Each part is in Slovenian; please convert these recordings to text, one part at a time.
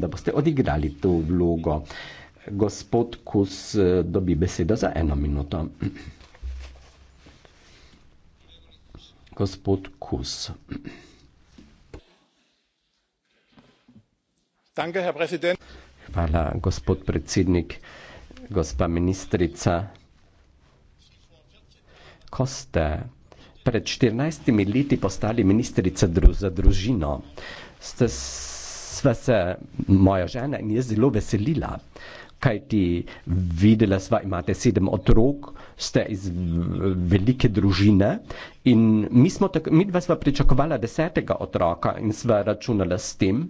da boste odigrali to vlogo. Gospod Kus eh, dobi besedo za eno minuto. Gospod Kus. Danke, Herr Präsident. Hvala, gospod predsednik, gospa ministrica. Ko ste pred 14 leti postali ministrica dru za družino, ste sva se moja žena in jaz zelo veselila, kaj ti videla sva, imate sedem otrok, ste iz velike družine in mi smo tako, mi dva sva pričakovala desetega otroka in sva računala s tem,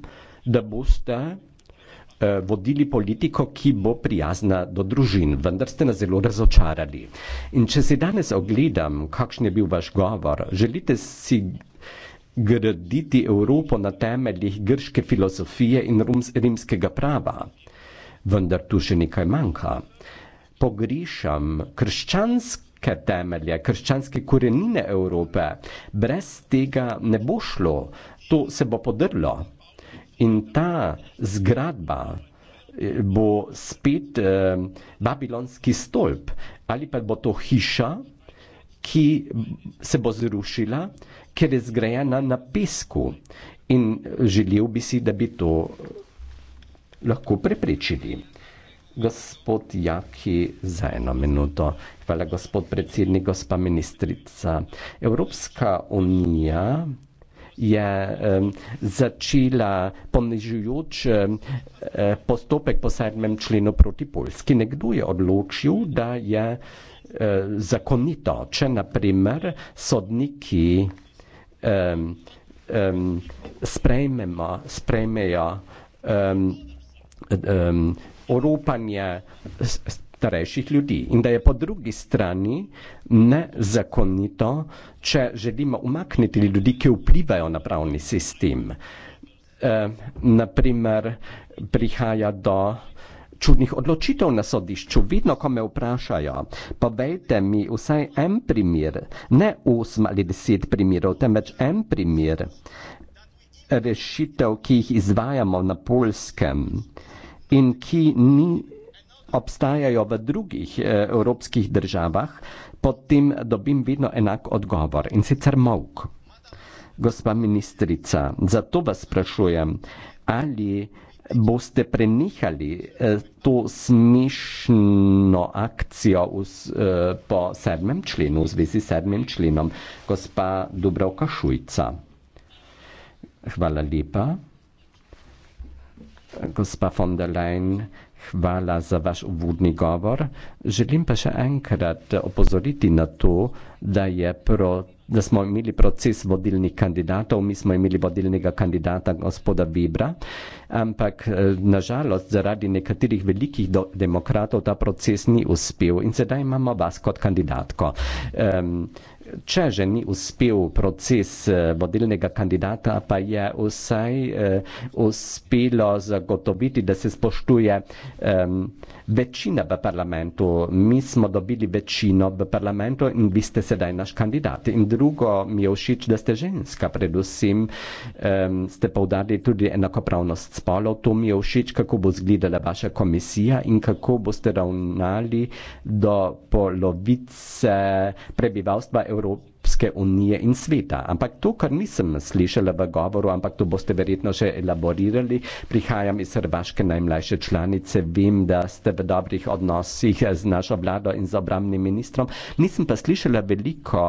da boste eh, vodili politiko, ki bo prijazna do družin, vendar ste nas zelo razočarali. In če si danes ogledam, kakšen je bil vaš govor, želite si graditi Evropo na temeljih grške filozofije in rimskega prava. Vendar tu še nekaj manjka. Pogrišam krščanske temelje, krščanske korenine Evrope. Brez tega ne bo šlo, to se bo podrlo. In ta zgradba eh, bo spet eh, babilonski stolp, ali pa bo to hiša, ki se bo zrušila, eh, ker je zgrajena na pesku in želel bi si, da bi to lahko preprečili. Gospod Jaki, za eno minuto. Hvala, gospod predsednik, gospa ministrica. Evropska unija je eh, začela ponižujoč eh, postopek po sedmem členu proti Poljski. Nekdo je odločil, da je eh, zakonito, če naprimer sodniki um, um, sprejmemo, sprejmejo um, um, oropanje starejših ljudi in da je po drugi strani nezakonito, če želimo umakniti ljudi, ki vplivajo na pravni sistem. Um, naprimer, prihaja do čudnih odločitev na sodišču. Vidno, ko me vprašajo, povejte mi vsaj en primer, ne osem ali deset primerov, temveč en primer rešitev, ki jih izvajamo na polskem in ki ni obstajajo v drugih eh, evropskih državah, potem dobim vedno enak odgovor in sicer mok. Gospa ministrica, zato vas sprašujem, ali boste prenehali eh, to smešno akcijo vz, eh, po sedmem členu, v zvezi s sedmim členom, gospa Dubrovka Šujca. Hvala lepa. Gospa von der Leyen, hvala za vaš uvodni govor. Želim pa še enkrat opozoriti na to, da je proti da smo imeli proces vodilnih kandidatov, mi smo imeli vodilnega kandidata gospoda Vibra, ampak eh, nažalost zaradi nekaterih velikih do, demokratov ta proces ni uspel in sedaj imamo vas kot kandidatko. Um, če že ni uspel proces eh, vodilnega kandidata, pa je vsaj eh, uspelo zagotoviti, da se spoštuje večina v parlamentu. Mi smo dobili večino v parlamentu in vi ste sedaj naš kandidat. In drugo mi je všeč, da ste ženska, predvsem ste povdali tudi enakopravnost spolov. To mi je všeč, kako bo zgledala vaša komisija in kako boste ravnali do polovice prebivalstva Evropske unije. Evropi, Evropske unije in sveta. Ampak to, kar nisem slišala v govoru, ampak to boste verjetno še elaborirali, prihajam iz Hrvaške najmlajše članice, vem, da ste v dobrih odnosih z našo vlado in z obramnim ministrom, nisem pa slišala veliko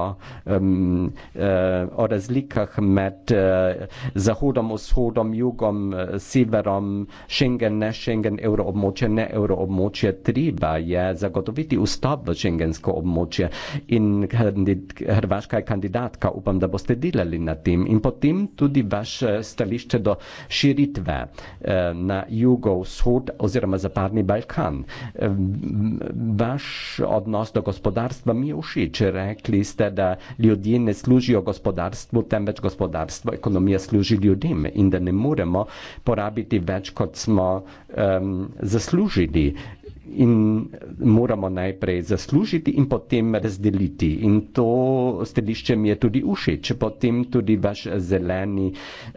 um, uh, o razlikah med uh, zahodom, vzhodom, jugom, uh, severom, Schengen, ne Schengen, evroobmočje, ne evroobmočje. Treba je zagotoviti vstop v šengensko območje in Hrvaška kaj kandidatka, upam, da boste delali na tem in potem tudi vaš stališče do širitve eh, na jugovzhod oziroma zapadni Balkan. Eh, vaš odnos do gospodarstva mi je všeč. Rekli ste, da ljudje ne služijo gospodarstvu, temveč gospodarstvo, ekonomija služi ljudem in da ne moremo porabiti več, kot smo um, zaslužili in moramo najprej zaslužiti in potem razdeliti. In to stališče mi je tudi všeč, potem tudi vaš zeleni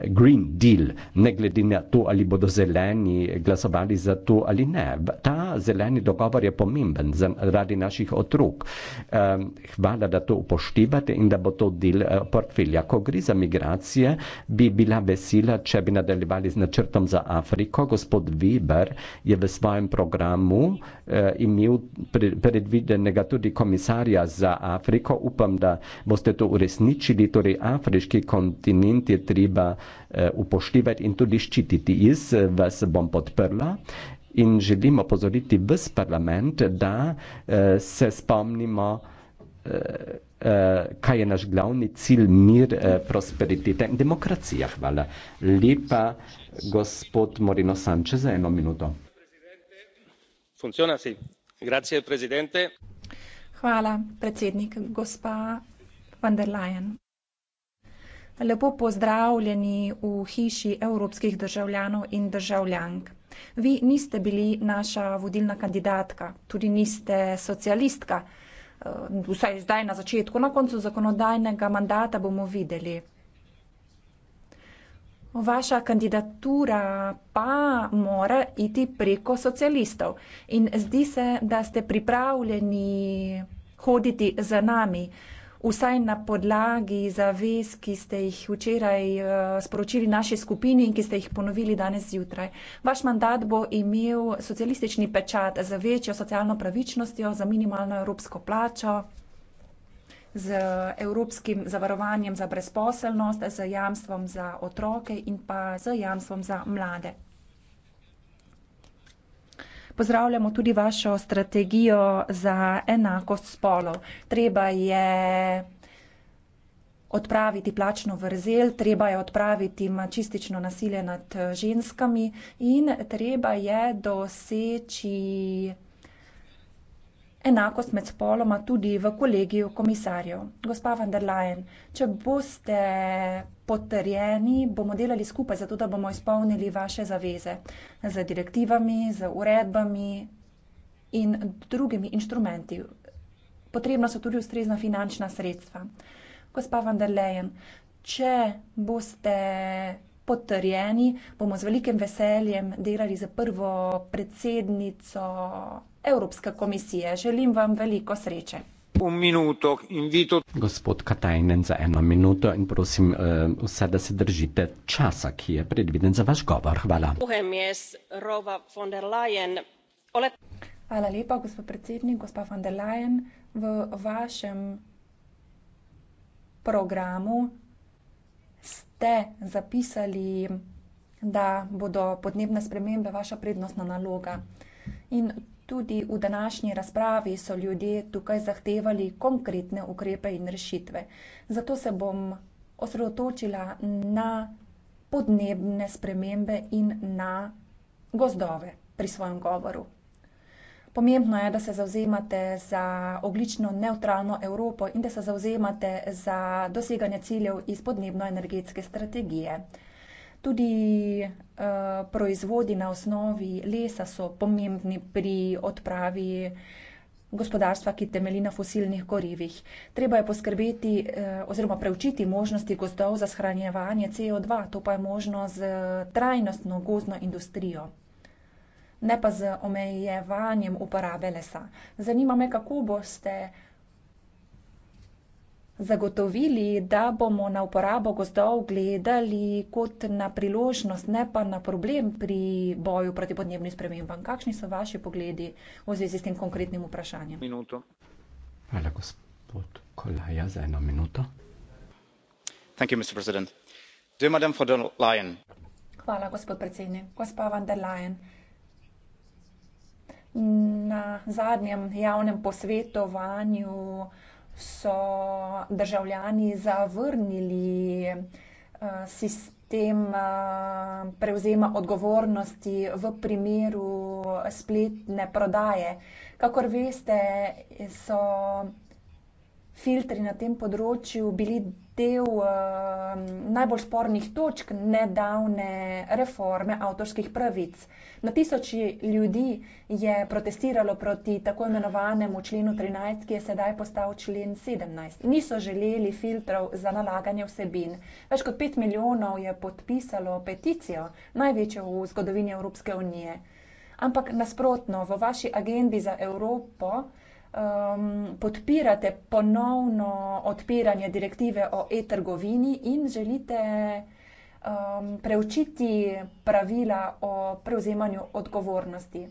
Green Deal, ne glede na to, ali bodo zeleni glasovali za to ali ne. Ta zeleni dogovor je pomemben zaradi naših otrok. Ehm, hvala, da to upoštevate in da bo to del eh, portfelja. Ko gre za migracije, bi bila vesela, če bi nadaljevali z načrtom za Afriko. Gospod Weber je v svojem programu, eh, imel predvidenega tudi komisarja za Afriko. Upam, da boste to uresničili. Torej, afriški kontinent je treba eh, upoštevati in tudi ščititi. Jaz eh, vas bom podprla. In želimo pozoriti vse parlament, da eh, se spomnimo, eh, eh, kaj je naš glavni cilj, mir, eh, prosperiteta in demokracija. Hvala lepa, gospod Morino Sanče, za eno minuto. Hvala, predsednik, gospa von der Leyen. Lepo pozdravljeni v hiši evropskih državljanov in državljank. Vi niste bili naša vodilna kandidatka, tudi niste socialistka, eh, vsaj zdaj na začetku, na koncu zakonodajnega mandata bomo videli. Vaša kandidatura pa mora iti preko socialistov in zdi se, da ste pripravljeni hoditi za nami, vsaj na podlagi zavez, ki ste jih včeraj eh, sporočili naši skupini in ki ste jih ponovili danes zjutraj. Vaš mandat bo imel socialistični pečat za večjo socialno pravičnostjo, za minimalno evropsko plačo z Evropskim zavarovanjem za brezposelnost, z jamstvom za otroke in pa z jamstvom za mlade. Pozdravljamo tudi vašo strategijo za enakost spolov. Treba je odpraviti plačno vrzel, treba je odpraviti mačistično nasilje nad ženskami in treba je doseči enakost med spoloma tudi v kolegiju komisarjev. Gospa van der Leyen, če boste potrjeni, bomo delali skupaj, zato da bomo izpolnili vaše zaveze z direktivami, z uredbami in drugimi inštrumenti. Potrebna so tudi ustrezna finančna sredstva. Gospa van der Leyen, če boste potrjeni, bomo z velikim veseljem delali za prvo predsednico Evropske komisije. Želim vam veliko sreče. Minuto, invito... Gospod Katajnen, za eno minuto in prosim uh, vse, da se držite časa, ki je predviden za vaš govor. Hvala. Hvala lepa, gospod predsednik, gospa von der Leyen. V vašem programu ste zapisali, da bodo podnebne spremembe vaša prednostna naloga. In tudi v današnji razpravi so ljudje tukaj zahtevali konkretne ukrepe in rešitve. Zato se bom osredotočila na podnebne spremembe in na gozdove pri svojem govoru. Pomembno je, da se zauzemate za oglično neutralno Evropo in da se zauzemate za doseganje ciljev iz podnebno-energetske strategije. Tudi uh, proizvodi na osnovi lesa so pomembni pri odpravi gospodarstva, ki temelji na fosilnih gorivih. Treba je poskrbeti eh, oziroma preučiti možnosti gozdov za shranjevanje CO2, to pa je možno z trajnostno gozdno industrijo ne pa z omejevanjem uporabe lesa. Zanima me, kako boste zagotovili, da bomo na uporabo gozdov gledali kot na priložnost, ne pa na problem pri boju proti podnebnim spremembam. Kakšni so vaši pogledi v zvezi s tem konkretnim vprašanjem? Minuto. Hvala, gospod Kolaja, za eno minuto. Thank you, Mr. President. Dear Madam von der Leyen. Hvala, gospod predsednik. Gospa von der Leyen. Na zadnjem javnem posvetovanju so državljani zavrnili eh, sistem eh, prevzema odgovornosti v primeru spletne prodaje. Kakor veste, so filtri na tem področju bili del uh, najbolj spornih točk nedavne reforme avtorskih pravic. Na tisoči ljudi je protestiralo proti tako imenovanemu členu 13, ki je sedaj postal člen 17. Niso želeli filtrov za nalaganje vsebin. Več kot 5 milijonov je podpisalo peticijo, največjo v zgodovini Evropske unije. Ampak nasprotno, v vaši agendi za Evropo um, podpirate ponovno odpiranje direktive o e-trgovini in želite um, preučiti pravila o prevzemanju odgovornosti.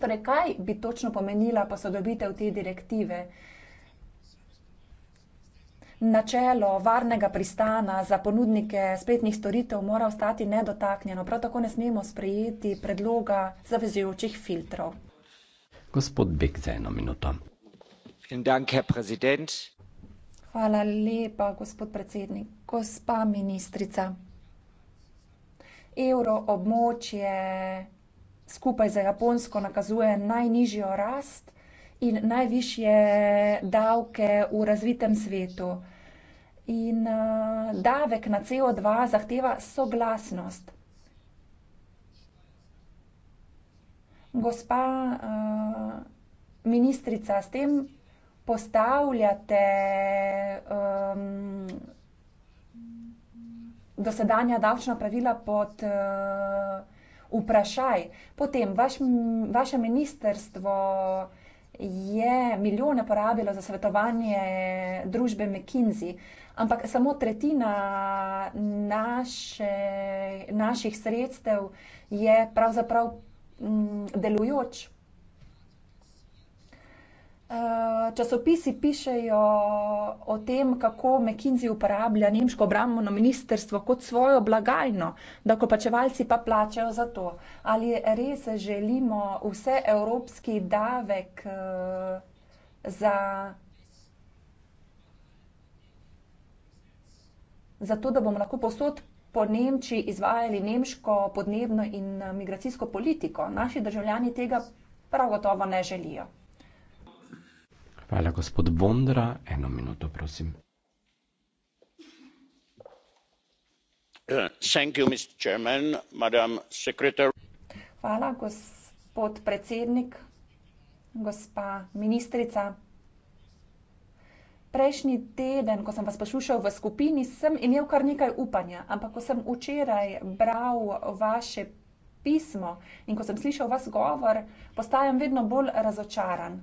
Torej, kaj bi točno pomenila posodobitev te direktive? Načelo varnega pristana za ponudnike spletnih storitev mora ostati nedotaknjeno, prav tako ne smemo sprejeti predloga zavezujočih filtrov gospod Bek za eno minuto. Hvala lepa, gospod predsednik. Gospa ministrica, evro območje skupaj za Japonsko nakazuje najnižjo rast in najvišje davke v razvitem svetu. In uh, davek na CO2 zahteva soglasnost. gospa eh, ministrica, s tem postavljate dosedanja davčna pravila pod eh, vprašaj. Potem, vaše ministerstvo je milijone porabilo za svetovanje družbe McKinsey, ampak samo tretjina naših sredstev je pravzaprav Mm, delujoč. Eh, časopisi pišejo o tem, kako McKinsey uporablja nemško obrambno ministerstvo kot svojo blagajno, da ko pačevalci pa plačajo za to. Ali res želimo vse evropski davek eh, za, za to, da bomo lahko posod po Nemčiji izvajali nemško podnebno in eh, migracijsko politiko. Naši državljani tega prav gotovo ne želijo. Hvala, gospod Bondra. Eno minuto, prosim. Uh, thank you, Mr. Chairman, Madam Secretary. Hvala, gospod predsednik, gospa ministrica prejšnji teden, ko sem vas poslušal v skupini, sem imel kar nekaj upanja, ampak ko sem včeraj bral vaše pismo in ko sem slišal vaš govor, postajam vedno bolj razočaran.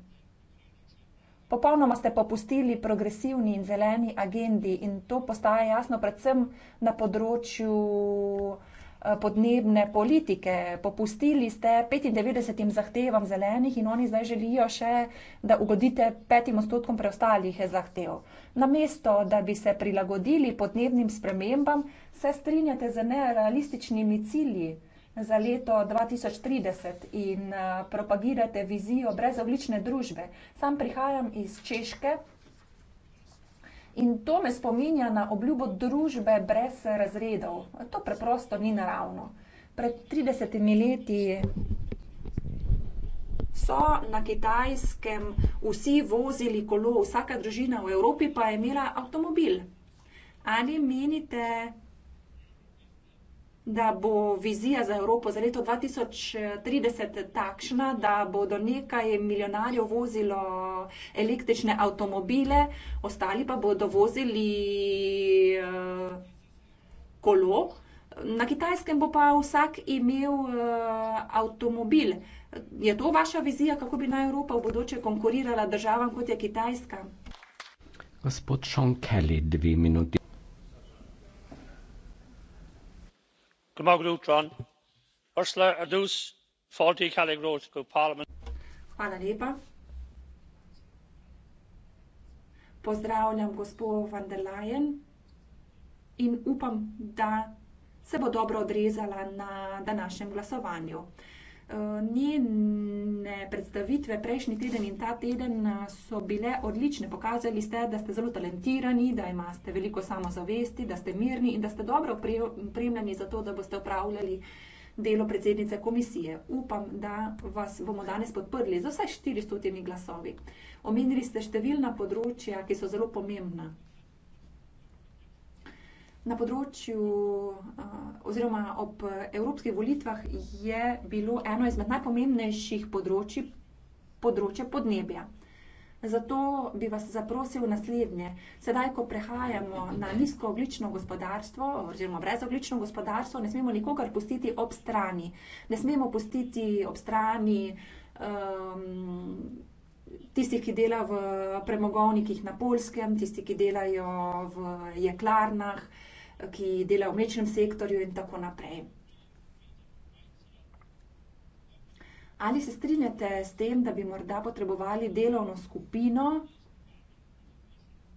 Popolnoma ste popustili progresivni in zeleni agendi in to postaja jasno predvsem na področju Eh, podnebne politike. Popustili ste 95 zahtevam zelenih in oni zdaj želijo še, da ugodite 5 odstotkom preostalih zahtev. Namesto, da bi se prilagodili podnebnim spremembam, se strinjate z nerealističnimi cilji za leto 2030 in eh, propagirate vizijo brezoglične družbe. Sam prihajam iz Češke, In to me spominja na obljubo družbe brez razredov. To preprosto ni naravno. Pred 30 leti so na Kitajskem vsi vozili kolo, vsaka družina v Evropi pa je imela avtomobil. Ali menite, da bo vizija za Evropo za leto 2030 takšna, da bodo nekaj milijonarjev vozilo električne avtomobile, ostali pa bodo vozili eh, kolo. Na kitajskem bo pa vsak imel eh, avtomobil. Je to vaša vizija, kako bi naj Evropa v bodoče konkurirala državam, kot je Kitajska? Gospod Sean Kelly, dve minuti. gospa predsednica pozdravljam gospo von der leyen in upam da se bo dobro odrezala na današnjem glasovanju. Eh, njene predstavitve prejšnji teden in ta teden eh, so bile odlične. Pokazali ste, da ste zelo talentirani, da imate veliko samozavesti, da ste mirni in da ste dobro opremljeni za to, da boste upravljali delo predsednice komisije. Upam, da vas bomo danes podprli z vsaj 400 glasovi. Omenili ste številna področja, ki so zelo pomembna. Na področju, eh, oziroma ob evropskih volitvah, je bilo eno izmed najpomembnejših področji področje podnebja. Zato bi vas zaprosil naslednje. Sedaj, ko prehajamo na nizkooglično gospodarstvo, oziroma brezoglično gospodarstvo, ne smemo nikogar pustiti ob strani. Ne smemo pustiti ob strani um, tistih, ki delajo v premogovnikih na polskem, tistih, ki delajo v jeklarnah. Uh, ki dela v mlečnem sektorju in tako naprej. Ali se strinjate s tem, da bi morda potrebovali delovno skupino,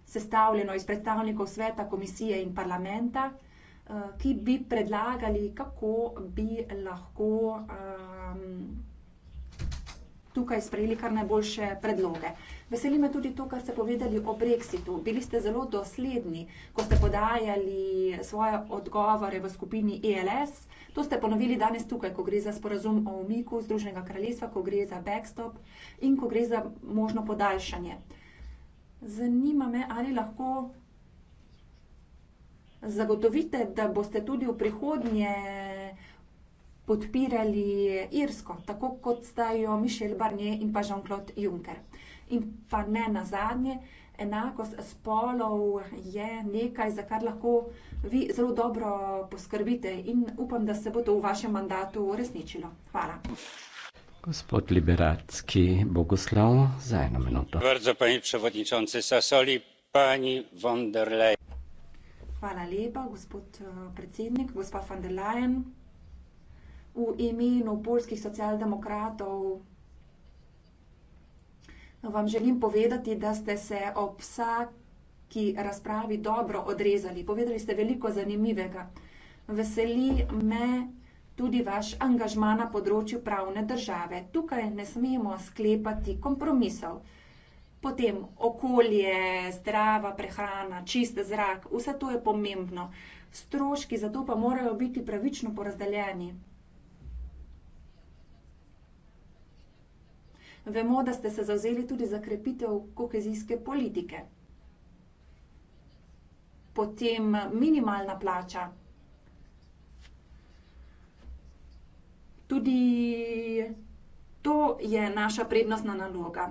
sestavljeno iz predstavnikov sveta, komisije in parlamenta, eh, ki bi predlagali, kako bi lahko um, tukaj sprejeli kar najboljše predloge. Veseli me tudi to, kar ste povedali o Brexitu. Bili ste zelo dosledni, ko ste podajali svoje odgovore v skupini ELS. To ste ponovili danes tukaj, ko gre za sporazum o umiku Združenega kraljestva, ko gre za backstop in ko gre za možno podaljšanje. Zanima me, ali lahko zagotovite, da boste tudi v prihodnje podpirali Irsko, tako kot sta jo Mišel Barnier in pa Jean-Claude Juncker. In pa ne na zadnje, enakost spolov je nekaj, za kar lahko vi zelo dobro poskrbite in upam, da se bo to v vašem mandatu uresničilo. Hvala. Gospod Liberacki, Bogoslav, za eno minuto. Vrdzo, pani predsedujoči Sasoli, pani von der Leyen. Hvala lepa, gospod eh, predsednik, gospa von der Leyen v imenu polskih socialdemokratov no, vam želim povedati, da ste se ob vsaki razpravi dobro odrezali. Povedali ste veliko zanimivega. Veseli me tudi vaš angažma na področju pravne države. Tukaj ne smemo sklepati kompromisov. Potem okolje, zdrava prehrana, čist zrak, vse to je pomembno. Stroški za to pa morajo biti pravično porazdeljeni. Vemo, da ste se zavzeli tudi za krepitev kohezijske politike. Potem minimalna plača. Tudi to je naša prednostna naloga.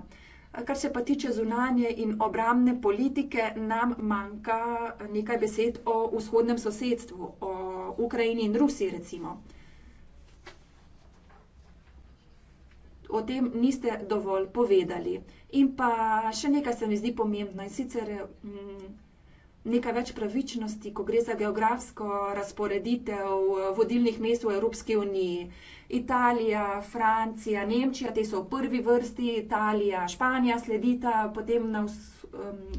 Kar se pa tiče zunanje in obramne politike, nam manjka nekaj besed o vzhodnem sosedstvu, o Ukrajini in Rusiji recimo. o tem niste dovolj povedali. In pa še nekaj se mi zdi pomembno in sicer mm, nekaj več pravičnosti, ko gre za geografsko razporeditev vodilnih mest v Evropski uniji. Italija, Francija, Nemčija, te so v prvi vrsti, Italija, Španija sledita, potem na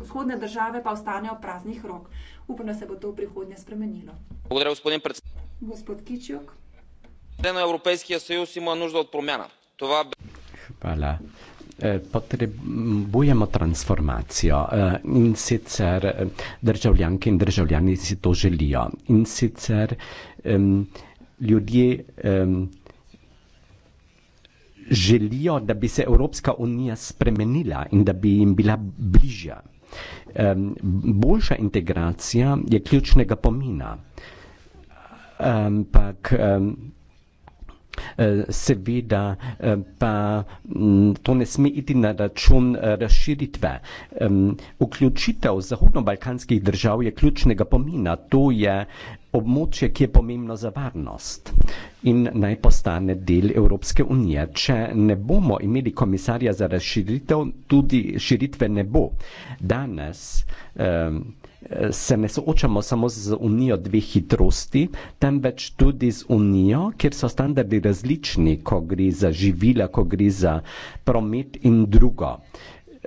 vzhodne države pa ostanejo praznih rok. Upam, da se bo to v prihodnje spremenilo. Благодаря, господин председател. Господин Кичук. Европейския съюз има нужда от промяна. Hvala. Potrebujemo transformacijo in sicer državljanke in državljani si to želijo. In sicer um, ljudje um, želijo, da bi se Evropska unija spremenila in da bi jim bila bližja. Um, boljša integracija je ključnega pomena. Ampak um, um, Eh, seveda eh, pa mm, to ne sme iti na račun eh, razširitve. Vključitev zahodno-balkanskih držav je ključnega pomena. To je območje, ki je pomembno za varnost in naj postane del Evropske unije. Če ne bomo imeli komisarja za razširitev, tudi širitve ne bo. Danes eh, se ne soočamo samo z unijo dveh hitrosti, temveč tudi z unijo, kjer so standardi različni, ko gre za živila, ko gre za promet in drugo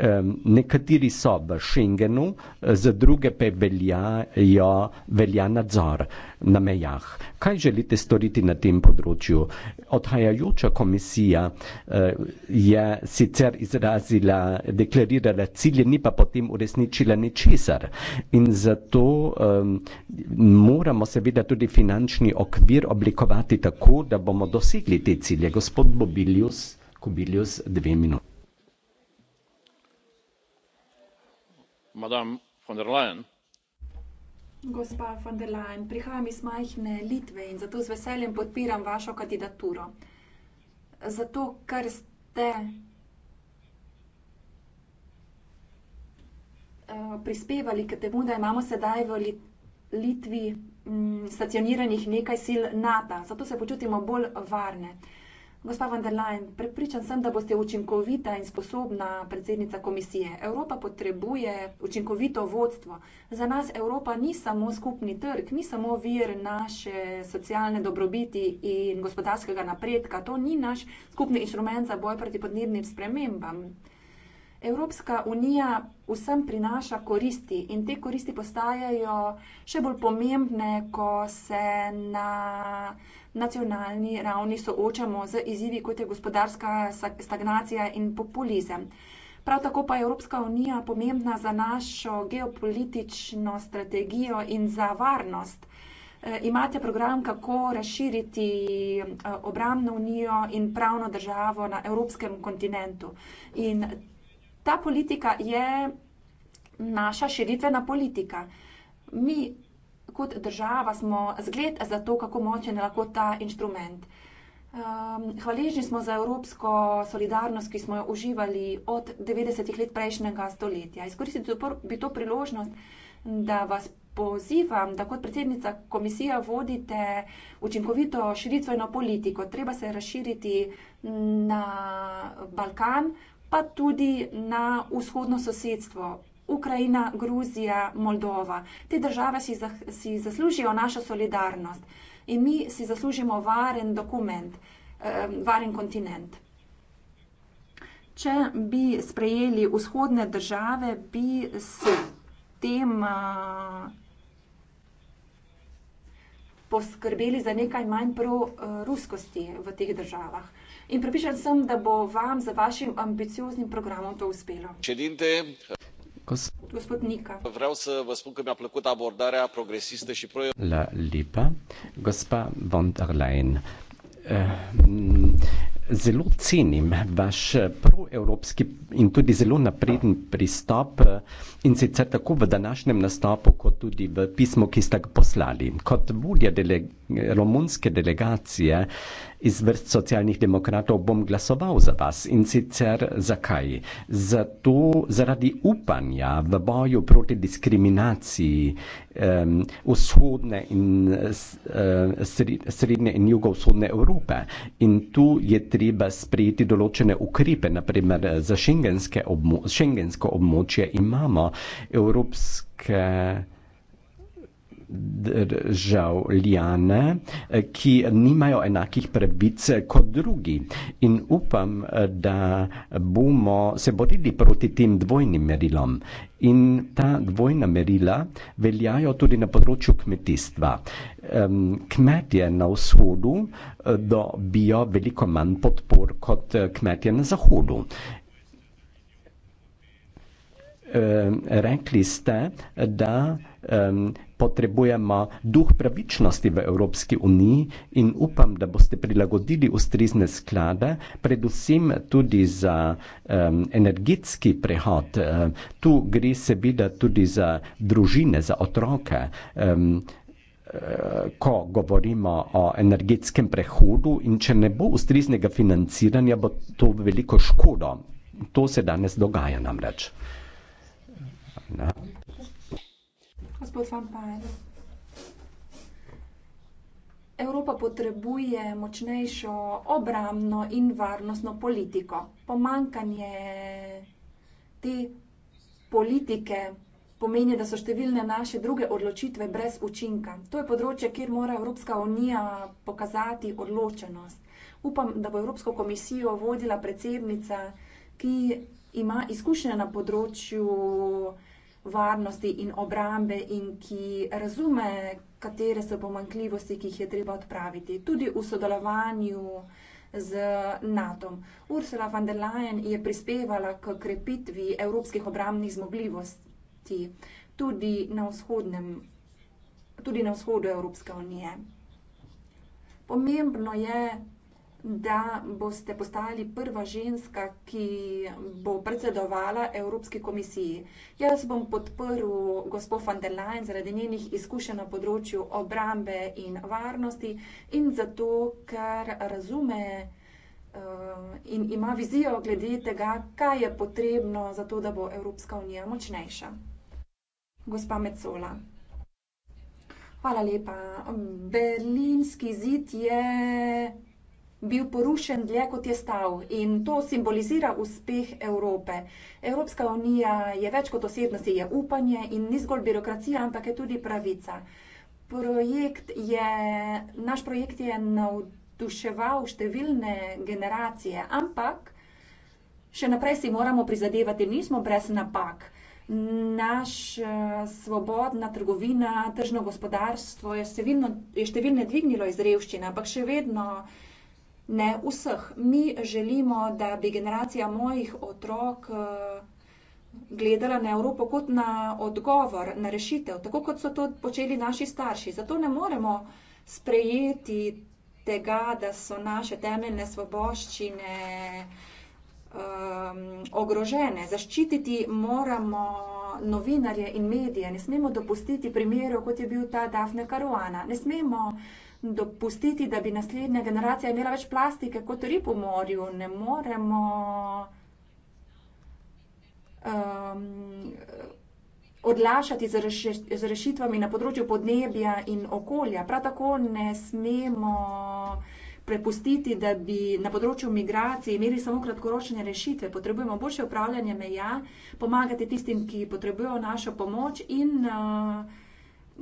nekateri so v Schengenu, za druge pa veljajo, velja nadzor na mejah. Kaj želite storiti na tem področju? Odhajajoča komisija eh, je sicer izrazila, deklarirala cilje, ni pa potem uresničila ničesar. In zato um, moramo seveda tudi finančni okvir oblikovati tako, da bomo dosegli te cilje. Gospod Bobilius, Kubilius, dve minute. Gospa von der Leyen, prihajam iz majhne Litve in zato z veseljem podpiram vašo kandidaturo. Zato, ker ste eh, prispevali k temu, da imamo sedaj v Litvi mm, stacioniranih nekaj sil NATO, zato se počutimo bolj varne. Gospa van der Leyen, prepričan sem, da boste učinkovita in sposobna predsednica komisije. Evropa potrebuje učinkovito vodstvo. Za nas Evropa ni samo skupni trg, ni samo vir naše socialne dobrobiti in gospodarskega napredka. To ni naš skupni inštrument za boj proti podnebnim spremembam. Evropska unija vsem prinaša koristi in te koristi postajajo še bolj pomembne, ko se na nacionalni ravni soočamo z izzivi, kot je gospodarska stagnacija in populizem. Prav tako pa je Evropska unija pomembna za našo geopolitično strategijo in za varnost. E, imate program, kako razširiti e, obramno unijo in pravno državo na evropskem kontinentu. In ta politika je naša širitvena politika. Mi kot država smo zgled za to, kako močen je lahko ta inštrument. Um, hvaležni smo za evropsko solidarnost, ki smo jo uživali od 90-ih let prejšnjega stoletja. Izkoristiti bi to priložnost, da vas pozivam, da kot predsednica komisija vodite učinkovito širitveno politiko. Treba se razširiti na Balkan pa tudi na vzhodno sosedstvo. Ukrajina, Gruzija, Moldova. Te države si, za, si zaslužijo našo solidarnost in mi si zaslužimo varen dokument, ehm, varen kontinent. Če bi sprejeli vzhodne države, bi s tem poskrbeli za nekaj manj proruskosti eh, v teh državah in pripričan sem, da bo vam za vašim ambicioznim programom to uspelo. Cedinte. Gospod Nika. Vreau să vă spun că mi-a plăcut abordarea progresistă și pro... La lipa, gospa von der Leyen. Eh, zelo cenim vaš proevropski in tudi zelo napreden pristop eh, in sicer tako v današnjem nastopu, kot tudi v pismu, ki ste ga poslali. Kot vodja dele, romunske delegacije eh, iz vrst socialnih demokratov bom glasoval za vas in sicer zakaj? Zato, zaradi upanja v boju proti diskriminaciji eh, vzhodne in eh, srednje in jugovzhodne Evrope. In tu je treba sprejeti določene ukrepe, naprimer za obmo šengensko območje imamo evropske državljane, ki nimajo enakih prebic kot drugi. In upam, da bomo se borili proti tem dvojnim merilom. In ta dvojna merila veljajo tudi na področju kmetijstva. Kmetje na vzhodu eh, dobijo veliko manj podpor kot eh, kmetje na zahodu rekli ste, da potrebujemo duh pravičnosti v Evropski uniji in upam, da boste prilagodili ustrezne sklade, predvsem tudi za energetski prehod. Tu gre seveda tudi za družine, za otroke. Eh, ko govorimo o energetskem prehodu in če ne bo ustreznega financiranja, bo to veliko škodo. To se danes dogaja namreč. Na. Gospod Van Pajn. Evropa potrebuje močnejšo obramno in varnostno politiko. Pomankanje te politike pomeni, da so številne naše druge odločitve brez učinka. To je področje, kjer mora Evropska unija pokazati odločenost. Upam, da bo Evropsko komisijo vodila predsednica, ki ima izkušnje na področju varnosti in obrambe in ki razume, katere so pomankljivosti, ki jih je treba odpraviti, tudi v sodelovanju z NATO. Ursula von der Leyen je prispevala k krepitvi evropskih obrambnih zmogljivosti tudi na, vzhodnem, tudi na vzhodu Evropske unije. Pomembno je, da boste postali prva ženska, ki bo predsedovala Evropski komisiji. Jaz bom podprl gospo van der Leyen zaradi njenih izkušenj na področju obrambe in varnosti in zato, ker razume eh, in ima vizijo glede tega, kaj je potrebno za to, da bo Evropska unija močnejša. Gospa Mecola. Hvala lepa. Berlinski zid je bil porušen dlje, kot je stal. In to simbolizira uspeh Evrope. Evropska unija je več kot osebnost, je upanje in ni zgolj birokracija, ampak je tudi pravica. Projekt je, naš projekt je navduševal številne generacije, ampak še naprej si moramo prizadevati, nismo brez napak. Naš svobodna trgovina, tržno gospodarstvo je, sevilno, je številne dvignilo iz revščine, ampak še vedno ne vseh. Mi želimo, da bi generacija mojih otrok eh, gledala na Evropo kot na odgovor, na rešitev, tako kot so to počeli naši starši. Zato ne moremo sprejeti tega, da so naše temeljne svoboščine um, ogrožene. Zaščititi moramo novinarje in medije. Ne smemo dopustiti primerov, kot je bil ta Dafne Karuana. Ne smemo uh, dopustiti, da bi naslednja generacija imela več plastike kot rib v morju. Ne moremo um, odlašati z, reši, z rešitvami na področju podnebja in okolja. Prav tako ne smemo prepustiti, da bi na področju migracije imeli samo kratkoročne rešitve. Potrebujemo boljše upravljanje meja, pomagati tistim, ki potrebujejo našo pomoč in uh,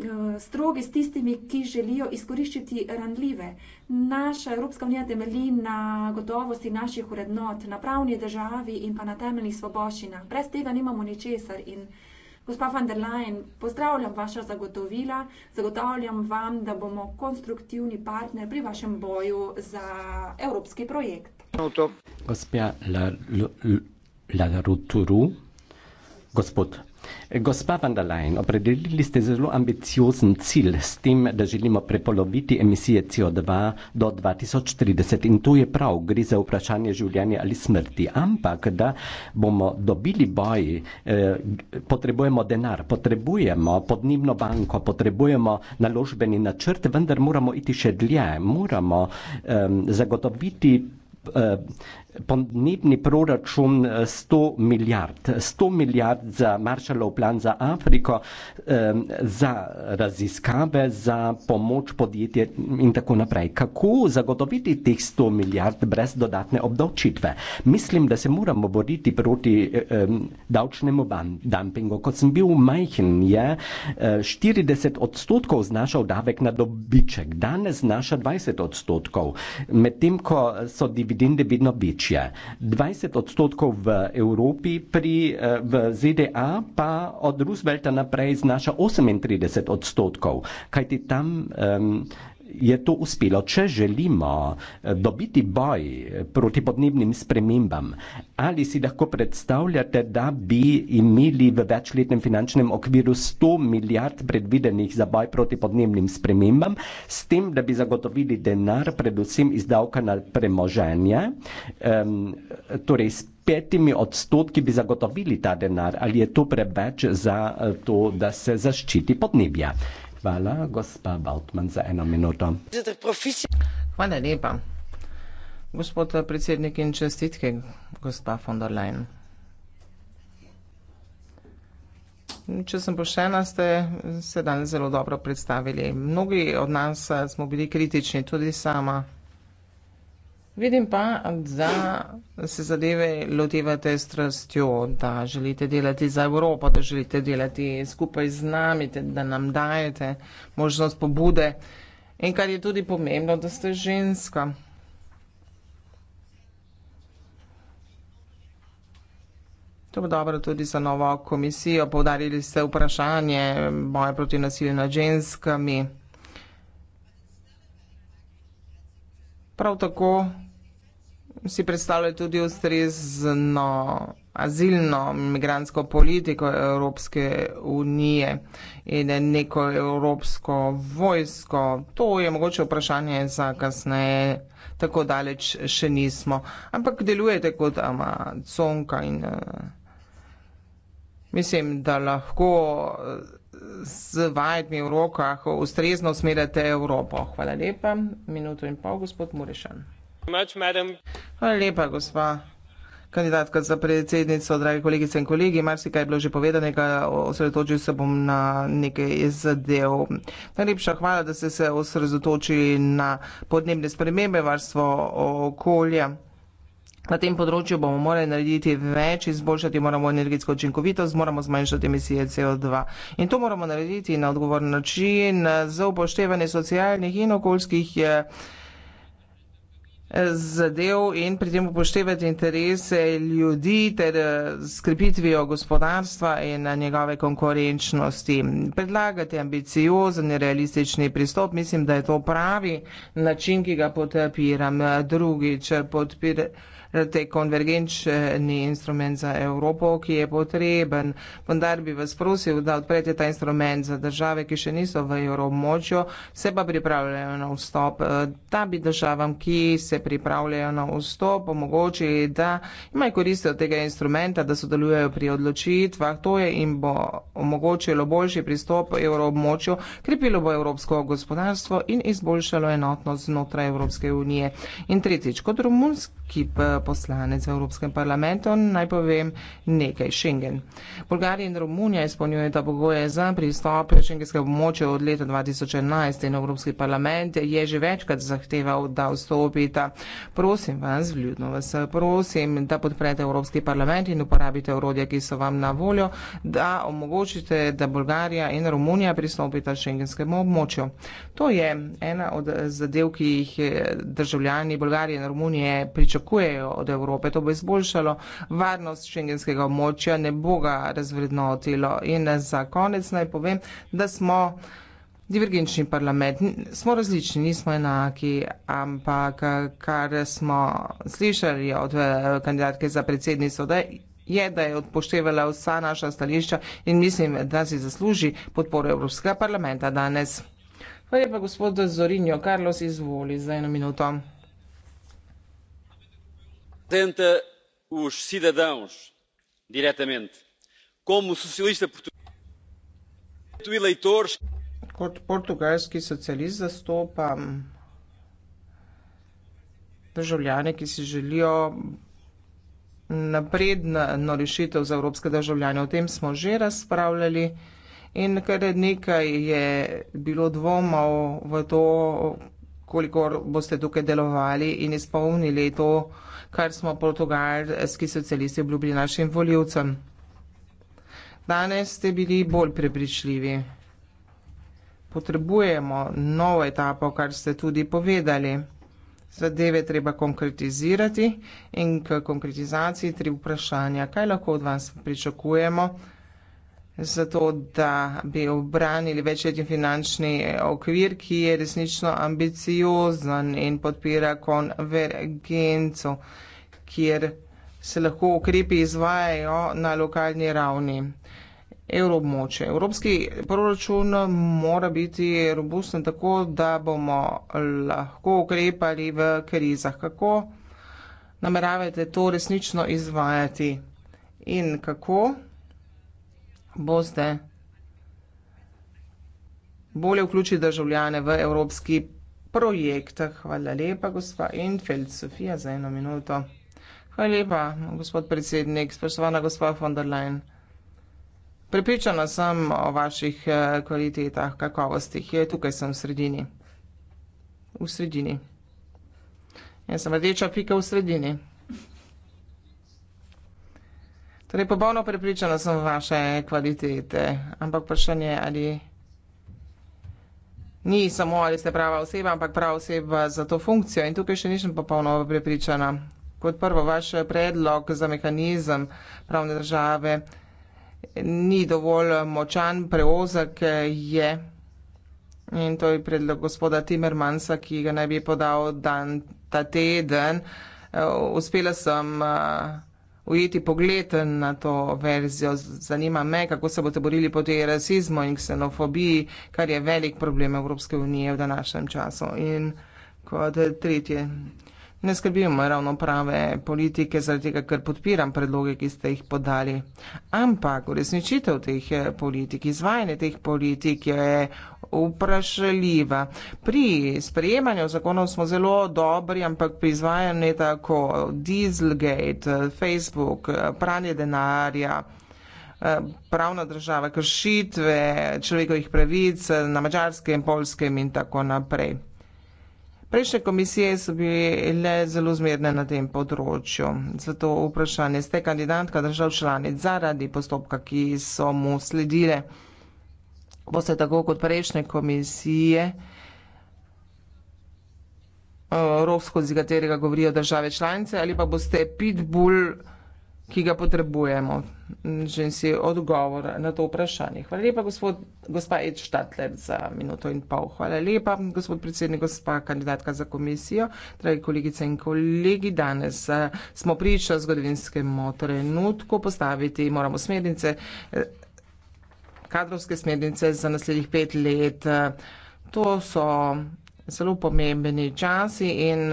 Eh, strogi s tistimi, ki želijo izkoriščiti randljive. Naša Evropska unija temelji na gotovosti naših urednot, na pravni državi in pa na temeljnih svoboščinah. Brez tega nimamo ničesar in gospa van der Leyen, pozdravljam vaša zagotovila, zagotavljam vam, da bomo konstruktivni partner pri vašem boju za evropski projekt. Gospod Gospa van der Leyen, opredelili ste zelo ambiciozen cilj s tem, da želimo prepoloviti emisije CO2 do 2030 in to je prav, gre za vprašanje življenja ali smrti, ampak da bomo dobili boj, eh, potrebujemo denar, potrebujemo podnebno banko, potrebujemo naložbeni načrt, vendar moramo iti še dlje, moramo eh, zagotoviti. Eh, podnebni proračun 100 eh, milijard. 100 milijard za Marshallov plan za Afriko, za raziskave, za pomoč podjetje in tako naprej. Kako zagotoviti teh 100 milijard brez dodatne obdavčitve? Mislim, da se moramo boriti proti davčnemu dumpingu. Kot sem bil majhen, je 40 eh, odstotkov znašal davek na dobiček, danes znaša 20 odstotkov, medtem ko so dividende vedno večje nižje. 20 odstotkov v Evropi, pri, eh, v ZDA pa od Roosevelta naprej znaša 38 odstotkov. Kaj ti tam? Um, je to uspelo, če želimo eh, dobiti boj eh, proti podnebnim spremembam. Ali si lahko predstavljate, da bi imeli v večletnem finančnem okviru 100 milijard predvidenih za boj proti podnebnim spremembam, s tem, da bi zagotovili denar predvsem iz davka na premoženje, um, torej s petimi odstotki bi zagotovili ta denar, ali je to preveč za eh, to, da se zaščiti podnebja? Hvala, gospa Bautman, za eno minuto. Hvala lepa, gospod predsednik in čestitke, gospa von der Leyen. Če sem poštena, ste se danes zelo dobro predstavili. Mnogi od nas eh, smo bili kritični, tudi sama. Vidim pa, da se zadeve lotevate s strastjo, da želite delati za Evropo, da želite delati skupaj z nami, da nam dajete možnost pobude. In kar je tudi pomembno, da ste ženska. To bo dobro tudi za novo komisijo. Povdarili ste vprašanje boja proti nasilju nad ženskami. Prav tako si predstavlja tudi ustrezno azilno imigransko politiko Evropske unije in neko evropsko vojsko. To je mogoče vprašanje za kasneje, tako daleč še nismo. Ampak delujete kot Amazonka in eh, mislim, da lahko z vajetmi v rokah ustrezno usmerjate Evropo. Hvala lepa. Minuto in pol, gospod Murešan. Hvala lepa, gospa kandidatka za predsednico, dragi kolegice in kolegi. Marsikaj je bilo že povedanega, osredotočil se bom na nekaj zadev. Najlepša hvala, da ste se osredotočili na podnebne spremembe, varstvo okolja. Na tem področju bomo morali narediti več, izboljšati moramo energetsko učinkovitost, moramo zmanjšati emisije CO2. In to moramo narediti na odgovoren način, za upoštevanje socialnih in okoljskih eh, zadev in pri tem upoštevati interese ljudi ter eh, skrepitvijo gospodarstva in eh, njegove konkurenčnosti. Predlagate ambiciozen in realistični pristop, mislim, da je to pravi način, ki ga podpiram. Drugič, podpiram tek konvergenčni instrument za Evropo, ki je potreben. Vendar bi vas prosil, da odprete ta instrument za države, ki še niso v evromočju, se pa pripravljajo na vstop. Eh, da bi državam, ki se pripravljajo na vstop, omogočili, da imajo koristi od tega instrumenta, da sodelujejo pri odločitvah. To je jim bo omogočilo boljši pristop evromočju, krepilo bo evropsko gospodarstvo in izboljšalo enotnost znotraj Evropske unije. In tretjič, kot romunski poslanec v Evropskem parlamentu. Naj povem nekaj. Schengen. Bolgarija in Romunija izpolnjujeta pogoje za pristop šengenskega območja od leta 2011 in Evropski parlament je že večkrat zahteval, da vstopita. Prosim vas, vljudno vas prosim, da podprete Evropski parlament in uporabite urodje, ki so vam na voljo, da omogočite, da Bolgarija in Romunija pristopita šengenskemu območju. To je ena od zadev, ki jih državljani Bolgarije in Romunije pričakujejo odhajajo od Evrope. To bo izboljšalo varnost šengenskega območja, ne bo ga razvrednotilo. In za konec naj povem, da smo. Divergenčni parlament. Smo različni, nismo enaki, ampak kar smo slišali od eh, kandidatke za predsednico, da je, da je odpoštevala vsa naša stališča in mislim, da si zasluži podporo Evropskega parlamenta danes. Hvala lepa, gospod Zorinjo. Karlos, izvoli za eno minuto representa os cidadãos diretamente. Como socialista português, eleitores. Kot portugalski socialist zastopam državljane, ki si želijo napredno no, rešitev za evropske državljane. O tem smo že razpravljali in kar nekaj je bilo dvomov v to kolikor boste tukaj delovali in izpolnili to, kar smo portugalski socialisti obljubili našim voljivcem. Danes ste bili bolj prepričljivi. Potrebujemo novo etapo, kar ste tudi povedali. Zadeve treba konkretizirati in k konkretizaciji tri vprašanja. Kaj lahko od vas pričakujemo? zato, da bi obranili večletni finančni okvir, ki je resnično ambiciozan in podpira konvergenco, kjer se lahko ukrepi izvajajo na lokalni ravni. Evromoče. Evropski proračun mora biti robusten tako, da bomo lahko ukrepali v krizah. Kako nameravate to resnično izvajati in kako? boste bolje vključili državljane v evropski projekt. Hvala lepa, gospa Enfeld, Sofija, za eno minuto. Hvala lepa, gospod predsednik, spoštovana gospa von der Leyen. Prepričana sem o vaših eh, kvalitetah, kakovostih. Je, tukaj sem v sredini. V sredini. Jaz sem rdeča pika v sredini. Torej, popolno prepričana sem vaše kvalitete, ampak vprašanje je, ali ni samo, ali ste prava oseba, ampak prava oseba za to funkcijo. In tukaj še nisem popolno prepričana. Kot prvo, vaš predlog za mehanizem pravne države ni dovolj močan, preozek je. In to je predlog gospoda Timmermansa, ki ga naj bi podal dan ta teden. Uspela sem. Uh, ujeti pogled na to verzijo. Zanima me, kako se boste borili proti rasizmu in ksenofobiji, kar je velik problem Evropske unije v današnjem času. In kot tretje. Ne skrbijo me ravno prave politike, zaradi tega, ker podpiram predloge, ki ste jih podali. Ampak uresničitev teh eh, politik, izvajanje teh politik je vprašljiva. Pri sprejemanju zakonov smo zelo dobri, ampak pri izvajanju tako Dieselgate, eh, Facebook, eh, pranje denarja, pravna država, kršitve človekovih pravic na mačarskem, polskem in tako naprej. Prejšnje komisije so bile zelo zmerne na tem področju. Zato vprašanje, ste kandidatka držav članic zaradi postopka, ki so mu sledile, boste tako kot prejšnje komisije, Evropsko, eh, z katerega govorijo države članice, ali pa boste pitbull ki ga potrebujemo. Že si odgovor na to vprašanje. Hvala lepa, gospod, gospa Ed Štatler, za minuto in pol. Hvala lepa, gospod predsednik, gospa kandidatka za komisijo. Dragi kolegice in kolegi, danes eh, smo priča zgodovinskemu trenutku. Postaviti moramo smernice, eh, kadrovske smernice za naslednjih pet let. Eh, to so zelo pomembni časi in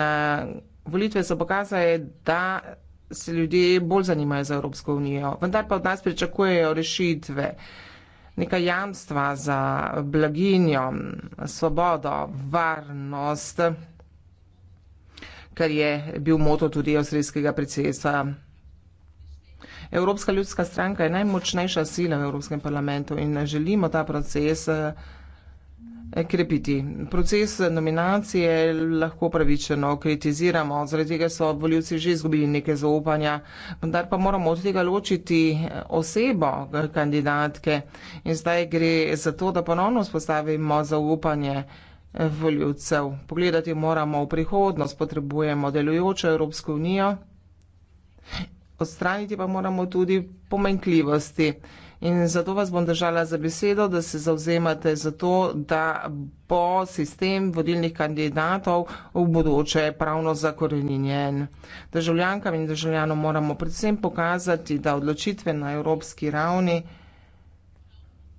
volitve so pokazali, da se ljudje bolj zanimajo za Evropsko unijo, vendar pa od nas pričakujejo rešitve, neka jamstva za blaginjo, svobodo, varnost, kar je bil moto tudi avstrijskega predsedstva. Evropska ljudska stranka je najmočnejša sila v Evropskem parlamentu in želimo ta proces eh, Eh, krepiti. Proces nominacije lahko pravičeno kritiziramo, zaradi tega so voljivci že izgubili neke zaupanja, vendar pa moramo od tega ločiti eh, osebo eh, kandidatke in zdaj gre za to, da ponovno spostavimo zaupanje voljivcev. Pogledati moramo v prihodnost, potrebujemo delujočo Evropsko unijo, odstraniti pa moramo tudi pomenkljivosti. In zato vas bom držala za besedo, da se zauzemate za to, da bo sistem vodilnih kandidatov v bodoče pravno zakorenjen. Državljankam in državljanom moramo predvsem pokazati, da odločitve na evropski ravni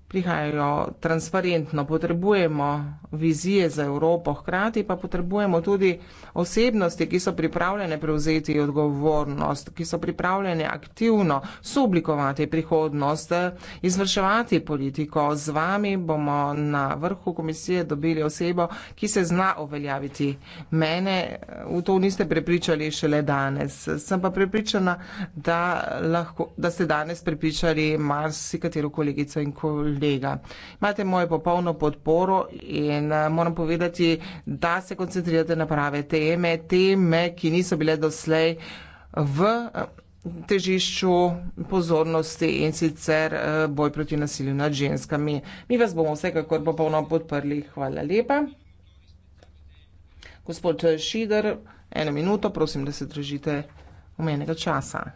prihajajo transparentno. Potrebujemo vizije za Evropo, hkrati pa potrebujemo tudi osebnosti, ki so pripravljene prevzeti odgovornost, ki so pripravljene aktivno sublikovati prihodnost, izvrševati politiko. Z vami bomo na vrhu komisije dobili osebo, ki se zna uveljaviti. Mene v to niste prepričali šele danes. Sem pa prepričana, da, lahko, da ste danes prepričali marsikatero kolegico in kolegico kolega. Imate mojo popolno podporo in eh, moram povedati, da se koncentrirate na prave teme, teme, ki niso bile doslej v eh, težišču pozornosti in sicer eh, boj proti nasilju nad ženskami. Mi vas bomo vsekakor popolno podprli. Hvala lepa. Gospod Šider, eno minuto, prosim, da se držite omenjenega časa.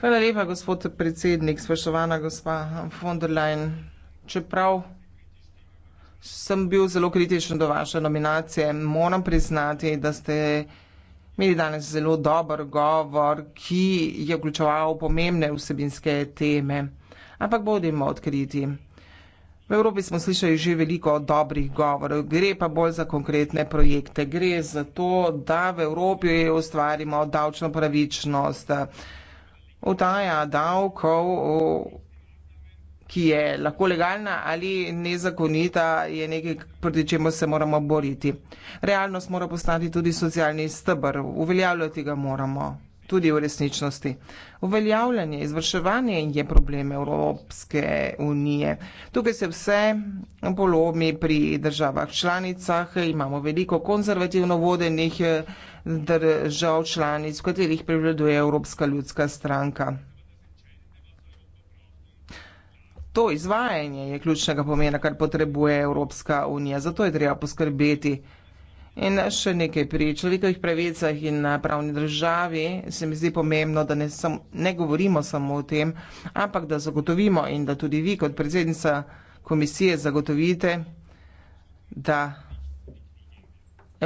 Hvala lepa, gospod predsednik. Spoštovana gospa von der Leyen, čeprav sem bil zelo kritičen do vaše nominacije, moram priznati, da ste imeli danes zelo dober govor, ki je vključeval pomembne vsebinske teme. Ampak bodimo odkriti. V Evropi smo slišali že veliko dobrih govorov, gre pa bolj za konkretne projekte. Gre za to, da v Evropi ustvarimo davčno pravičnost, oddaja davkov, ki je lahko legalna ali nezakonita, je nekaj, proti čemu se moramo boriti. Realnost mora postati tudi socialni stebr, uveljavljati ga moramo tudi v resničnosti. Uveljavljanje, izvrševanje je problem Evropske unije. Tukaj se vse polomi pri državah članicah, imamo veliko konzervativno vodenih držav, držav članic, v katerih prevladuje Evropska ljudska stranka. To izvajanje je ključnega pomena, kar potrebuje Evropska unija, zato je treba poskrbeti. In še nekaj pri človekovih pravicah in na pravni državi se mi zdi pomembno, da ne, sam, ne govorimo samo o tem, ampak da zagotovimo in da tudi vi kot predsednica komisije zagotovite, da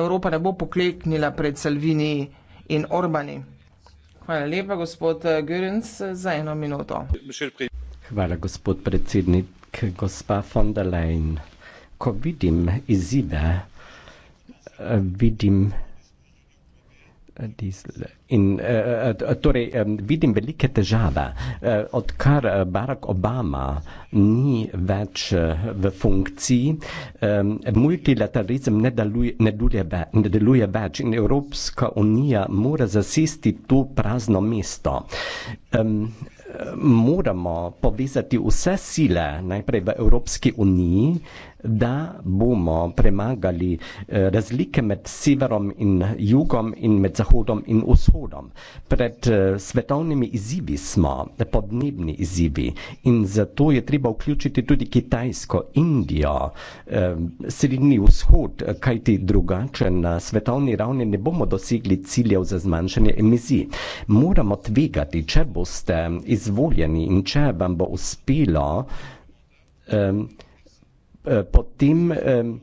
Evropa ne bo pokleknila pred Salvini in Orbani. Hvala lepa, gospod eh, Görens, za eno minuto. Hvala, gospod predsednik, gospa von der Leyen. Ko vidim izzive, eh, vidim Eh, diesel. In, uh, torej, um, vidim velike težave. Uh, odkar Barack Obama ni več uh, v funkciji, um, multilateralizem ne, ne, ne deluje več in Evropska unija mora zasisti to prazno mesto. Um, moramo povezati vse sile najprej v Evropski uniji, da bomo premagali eh, razlike med severom in jugom in med zahodom in vzhodom. Pred eh, svetovnimi izzivi smo, podnebni izzivi in zato je treba vključiti tudi Kitajsko, Indijo, eh, srednji vzhod, kajti drugače na svetovni ravni ne bomo dosegli ciljev za zmanjšanje emisij. Moramo tvegati, če boste izvoljeni in če vam bo uspelo, Eh, potem, eh,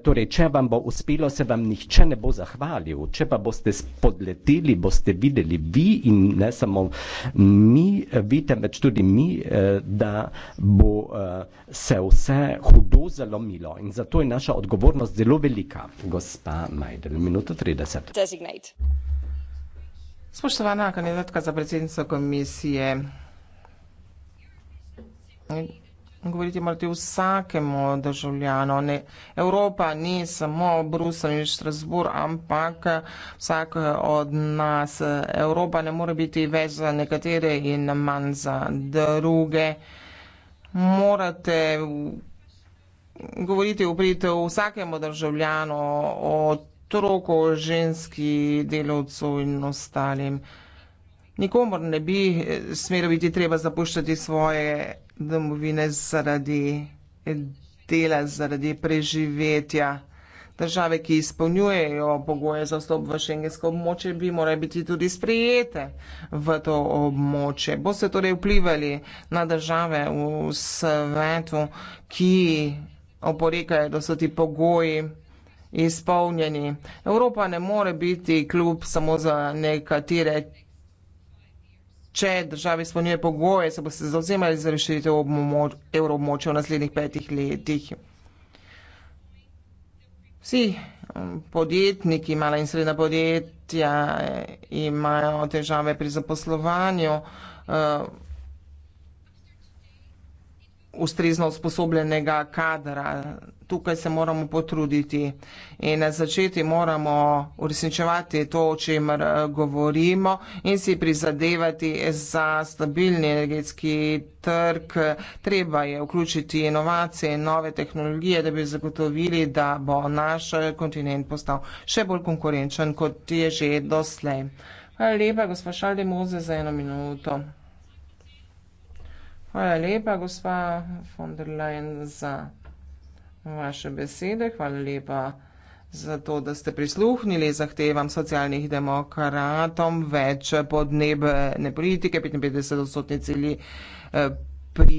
torej, če vam bo uspelo, se vam nihče ne bo zahvalil. Če pa boste spodleteli, boste videli vi in ne samo mi, vi, temveč tudi mi, eh, da bo se vse hudo zalomilo. In zato je naša odgovornost zelo velika, gospa Majdel. Minuto 30. Designate. Spoštovana kandidatka za predsednico komisije govoriti morate vsakemu državljanu. Ne, Evropa ni samo Bruselj in Štrasbur, ampak vsak od nas. Evropa ne more biti več za nekatere in manj za druge. Morate govoriti v prid vsakemu državljanu o otroku, ženski, delavcu in ostalim. Nikomor ne bi eh, smelo biti treba zapuščati svoje domovine zaradi eh, dela, zaradi preživetja. Države, ki izpolnjujejo pogoje za vstop v šengensko območje, bi morali biti tudi sprejete v to območje. Bo se torej vplivali na države v svetu, ki oporekajo, da so ti pogoji izpolnjeni. Evropa ne more biti kljub samo za nekatere Če države izpolnjuje pogoje, se boste zavzemali za rešitev evroobmočja v naslednjih petih letih. Vsi um, podjetniki, mala in sredna podjetja eh, imajo težave pri zaposlovanju. Uh, ustrezno usposobljenega kadra. Tukaj se moramo potruditi in začeti moramo uresničevati to, o čemer eh, govorimo in si prizadevati za stabilni energetski trg. Treba je vključiti inovacije in nove tehnologije, da bi zagotovili, da bo naš eh, kontinent postal še bolj konkurenčen, kot je že doslej. Hvala lepa, gospod Šaldi Moze, za eno minuto. Hvala lepa, gospa von der Leyen, za vaše besede. Hvala lepa za to, da ste prisluhnili zahtevam socialnih demokratom več podnebne politike, 55 odstotni cilji eh, pri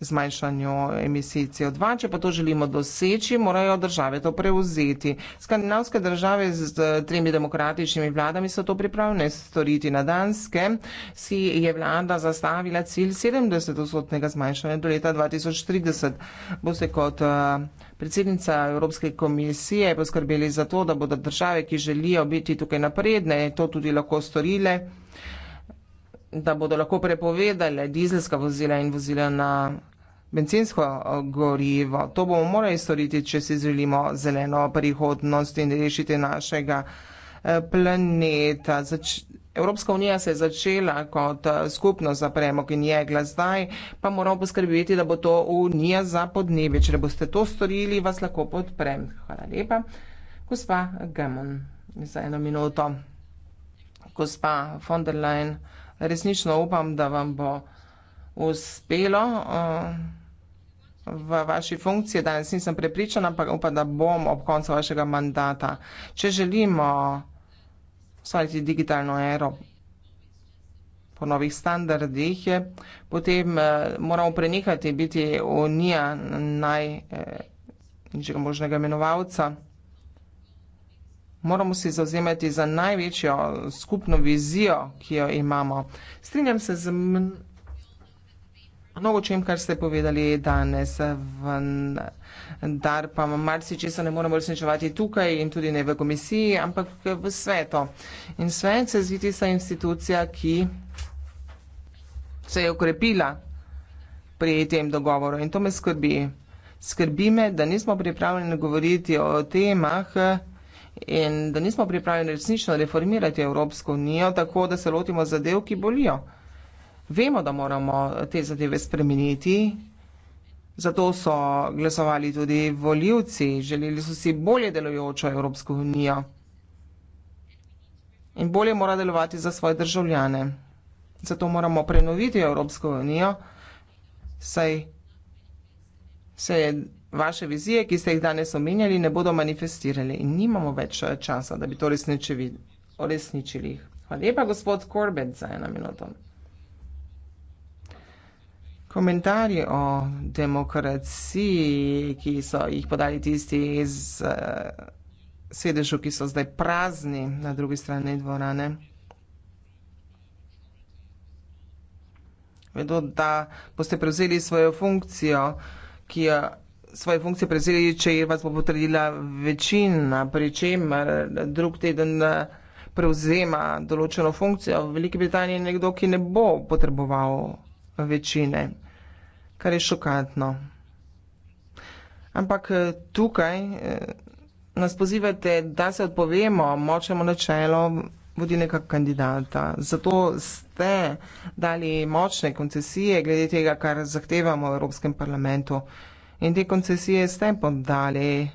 zmanjšanju emisij CO2. Če pa to želimo doseči, morajo države to prevzeti. Skandinavske države z tremi demokratičnimi vladami so to pripravljene storiti. Na Danske si je vlada zastavila cilj 70-odstotnega zmanjšanja do leta 2030. Boste kot eh, predsednica Evropske komisije poskrbeli za to, da bodo države, ki želijo biti tukaj napredne, to tudi lahko storile da bodo lahko prepovedali dizelska vozila in vozila na bencinsko eh, gorivo. To bomo morali storiti, če si želimo zeleno prihodnost in rešiti našega eh, planeta. Zač Evropska unija se je začela kot eh, skupnost za premog in jegla zdaj, pa moramo poskrbeti, da bo to unija za podnebje. Če ne boste to storili, vas lahko podprem. Hvala lepa. Gospa Gemon, za eno minuto. Gospa von der Leyen resnično upam, da vam bo uspelo eh, v vaši funkciji. Danes nisem prepričana, ampak upam, da bom ob koncu vašega mandata. Če želimo ustvariti digitalno ero po novih standardih, potem eh, moramo prenehati biti unija naj, eh, nižjega možnega imenovalca. Moramo se zauzemati za največjo skupno vizijo, ki jo imamo. Strinjam se z mnogo čem, kar ste povedali danes, vendar pa marci česa ne moramo resničevati tukaj in tudi ne v komisiji, ampak v svetu. In svet se zviti sa institucija, ki se je okrepila pri tem dogovoru in to me skrbi. Skrbi me, da nismo pripravljeni govoriti o temah, ki in da nismo pripravljeni resnično reformirati Evropsko unijo tako, da se lotimo zadev, ki bolijo. Vemo, da moramo te zadeve spremeniti, zato so glasovali tudi voljivci, želeli so si bolje delujočo Evropsko unijo in bolje mora delovati za svoje državljane. Zato moramo prenoviti Evropsko unijo, saj se je vaše vizije, ki ste jih danes omenjali, ne bodo manifestirali in nimamo več eh, časa, da bi to uresničili. Hvala lepa, gospod Korbet, za eno minuto. Komentarje o demokraciji, ki so jih podali tisti iz uh, sedežu, ki so zdaj prazni na drugi strani dvorane. Vedo, da boste prevzeli svojo funkcijo, ki jo svoje funkcije prevzeli, če vas bo potrdila večina, pri čemer drug teden eh, prevzema določeno funkcijo. V Veliki Britaniji je nekdo, ki ne bo potreboval večine, kar je šokantno. Ampak eh, tukaj eh, nas pozivate, da se odpovemo močnemu načelu vodilnega kandidata. Zato ste dali močne koncesije glede tega, kar zahtevamo v Evropskem parlamentu. In te koncesije ste podali,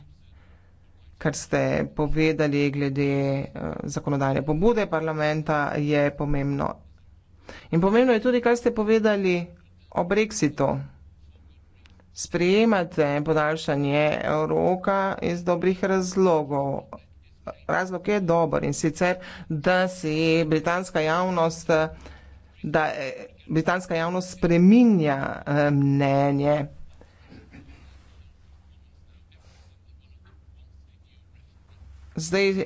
kar ste povedali glede eh, zakonodajne pobude parlamenta, je pomembno. In pomembno je tudi, kar ste povedali o Brexitu. Sprejemate podaljšanje roka iz dobrih razlogov. Razlog je dober in sicer, da si britanska javnost, da eh, britanska javnost spreminja eh, mnenje. Zdaj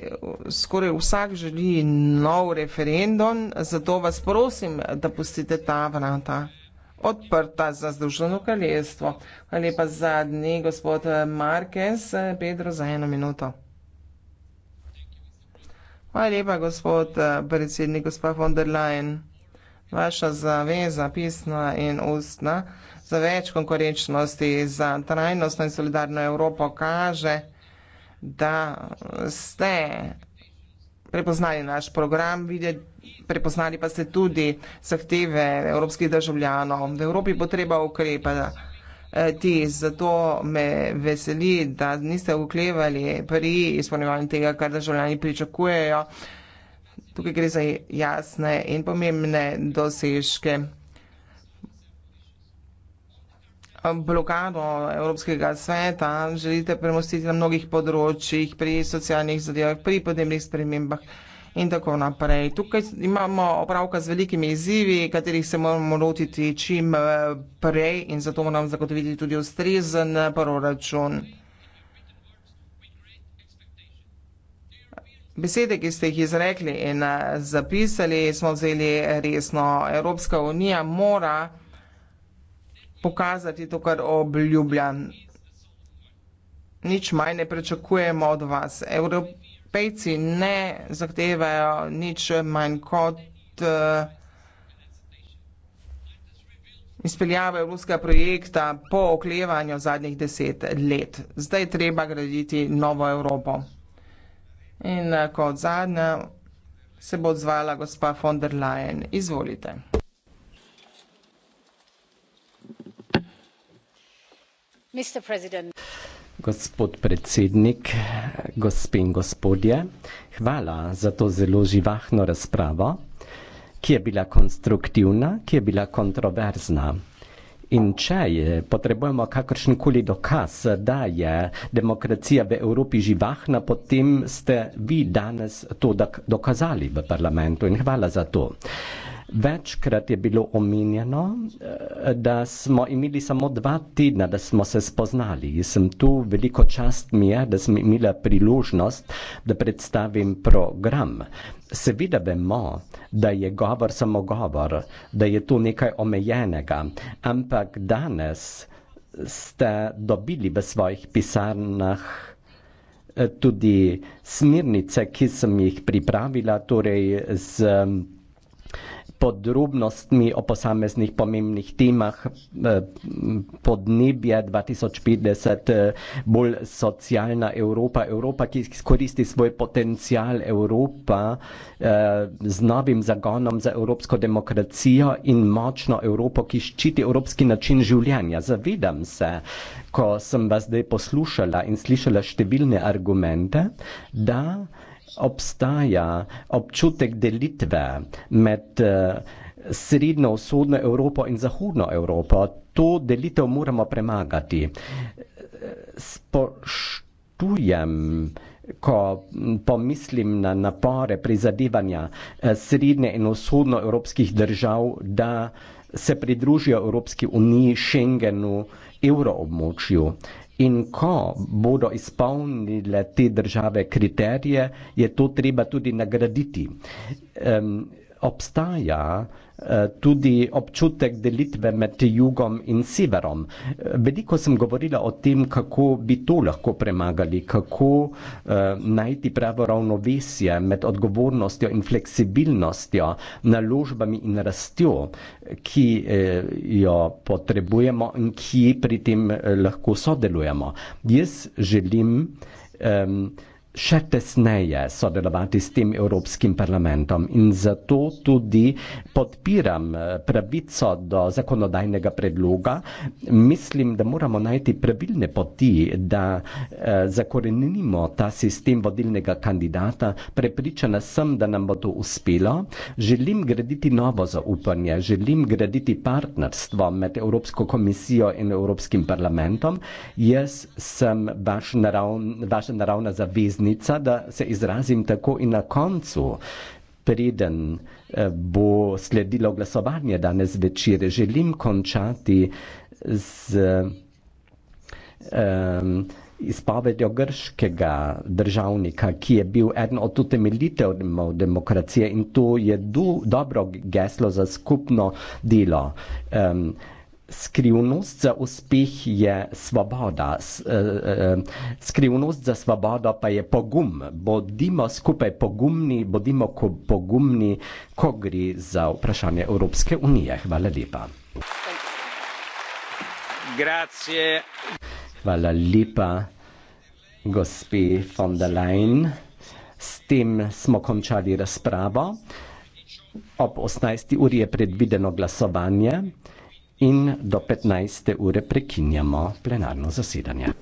skoraj vsak želi nov referendum, zato vas prosim, da pustite ta vrata odprta za Združeno kraljestvo. Hvala lepa zadnji, gospod Markes, Pedro, za eno minuto. Hvala lepa, gospod predsednik, gospod von der Leyen. Vaša zaveza, pisna in ustna, za več konkurenčnosti, za trajnostno in solidarno Evropo kaže, da je da ste prepoznali naš program, videti, prepoznali pa ste tudi zahteve evropskih državljanov. V Evropi bo treba ukrepati, e, zato me veseli, da niste uklevali pri izpolnjevanju tega, kar državljani pričakujejo. Tukaj gre za jasne in pomembne dosežke blokado Evropskega sveta, želite premostiti na mnogih področjih, pri socialnih zadevah, pri podnebnih spremembah in tako naprej. Tukaj imamo opravka z velikimi izzivi, katerih se moramo lotiti čim eh, prej in zato moramo zagotoviti tudi ustrezen proračun. Besede, ki ste jih izrekli in eh, zapisali, smo vzeli resno. Evropska unija mora pokazati to, kar obljubljam. Nič manj ne prečakujemo od vas. Evropejci ne zahtevajo nič manj kot uh, eh, izpeljave evropskega projekta po oklevanju zadnjih deset let. Zdaj treba graditi novo Evropo. In uh, kot zadnja se bo odzvala gospa von der Leyen. Izvolite. Gospod predsednik, gospe in gospodje, hvala za to zelo živahno razpravo, ki je bila konstruktivna, ki je bila kontroverzna. In če je, potrebujemo kakršenkoli dokaz, da je demokracija v Evropi živahna, potem ste vi danes to dokazali v parlamentu in hvala za to. Uh, Večkrat je bilo omenjeno, eh, da smo imeli samo dva tedna, da smo se spoznali. Jaz sem tu veliko čast mi je, da sem imela priložnost, da predstavim program. Seveda vemo, da je govor samo govor, da je to nekaj omejenega, ampak danes ste dobili v svojih pisarnah eh, tudi smernice, ki sem jih pripravila, torej z podrobnostmi o posameznih pomembnih temah eh, podnebje 2050, eh, bolj socialna Evropa, Evropa, ki koristi svoj potencial Evropa eh, z novim zagonom za evropsko demokracijo in močno Evropo, ki ščiti evropski način življenja. Zavedam se, ko sem vas zdaj poslušala in slišala številne argumente, da obstaja občutek delitve med eh, srednjo vzhodno Evropo in zahodno Evropo. To delitev moramo premagati. Spoštujem, ko pomislim na napore, prizadevanja eh, srednje in vzhodno evropskih držav, da se pridružijo Evropski uniji, Schengenu, evroobmočju. In ko bodo izpolnile te države kriterije, je to treba tudi nagraditi. Um, obstaja eh, tudi občutek delitve med jugom in severom. Eh, veliko sem govorila o tem, kako bi to lahko premagali, kako eh, najti pravo ravnovesje med odgovornostjo in fleksibilnostjo, naložbami in rastjo, ki jo potrebujemo in ki pri tem lahko sodelujemo. Jaz želim, še tesneje sodelovati s tem Evropskim parlamentom in zato tudi podpiram eh, pravico do zakonodajnega predloga. Mislim, da moramo najti pravilne poti, da eh, zakorenimo ta sistem vodilnega kandidata. Prepričana sem, da nam bo to uspelo. Želim graditi novo zaupanje, želim graditi partnerstvo med Evropsko komisijo in Evropskim parlamentom. Jaz sem vaš naravn, vaša naravna zaveznica, stopnica, da se izrazim tako in na koncu, preden eh, bo sledilo glasovanje danes večer, želim končati z um, izpovedjo grškega državnika, ki je bil eden od utemeljitev demokracije in to je do, dobro geslo za skupno delo. Um, skrivnost za uspeh je svoboda, eh, eh, skrivnost za svobodo pa je pogum. Bodimo skupaj pogumni, bodimo pogumni, ko gre za vprašanje Evropske unije. Hvala lepa. Grazie. Hvala lepa, gospe von der Leyen. S tem smo končali razpravo. Ob 18. uri je predvideno glasovanje in do 15. ure prekinjamo plenarno zasedanje.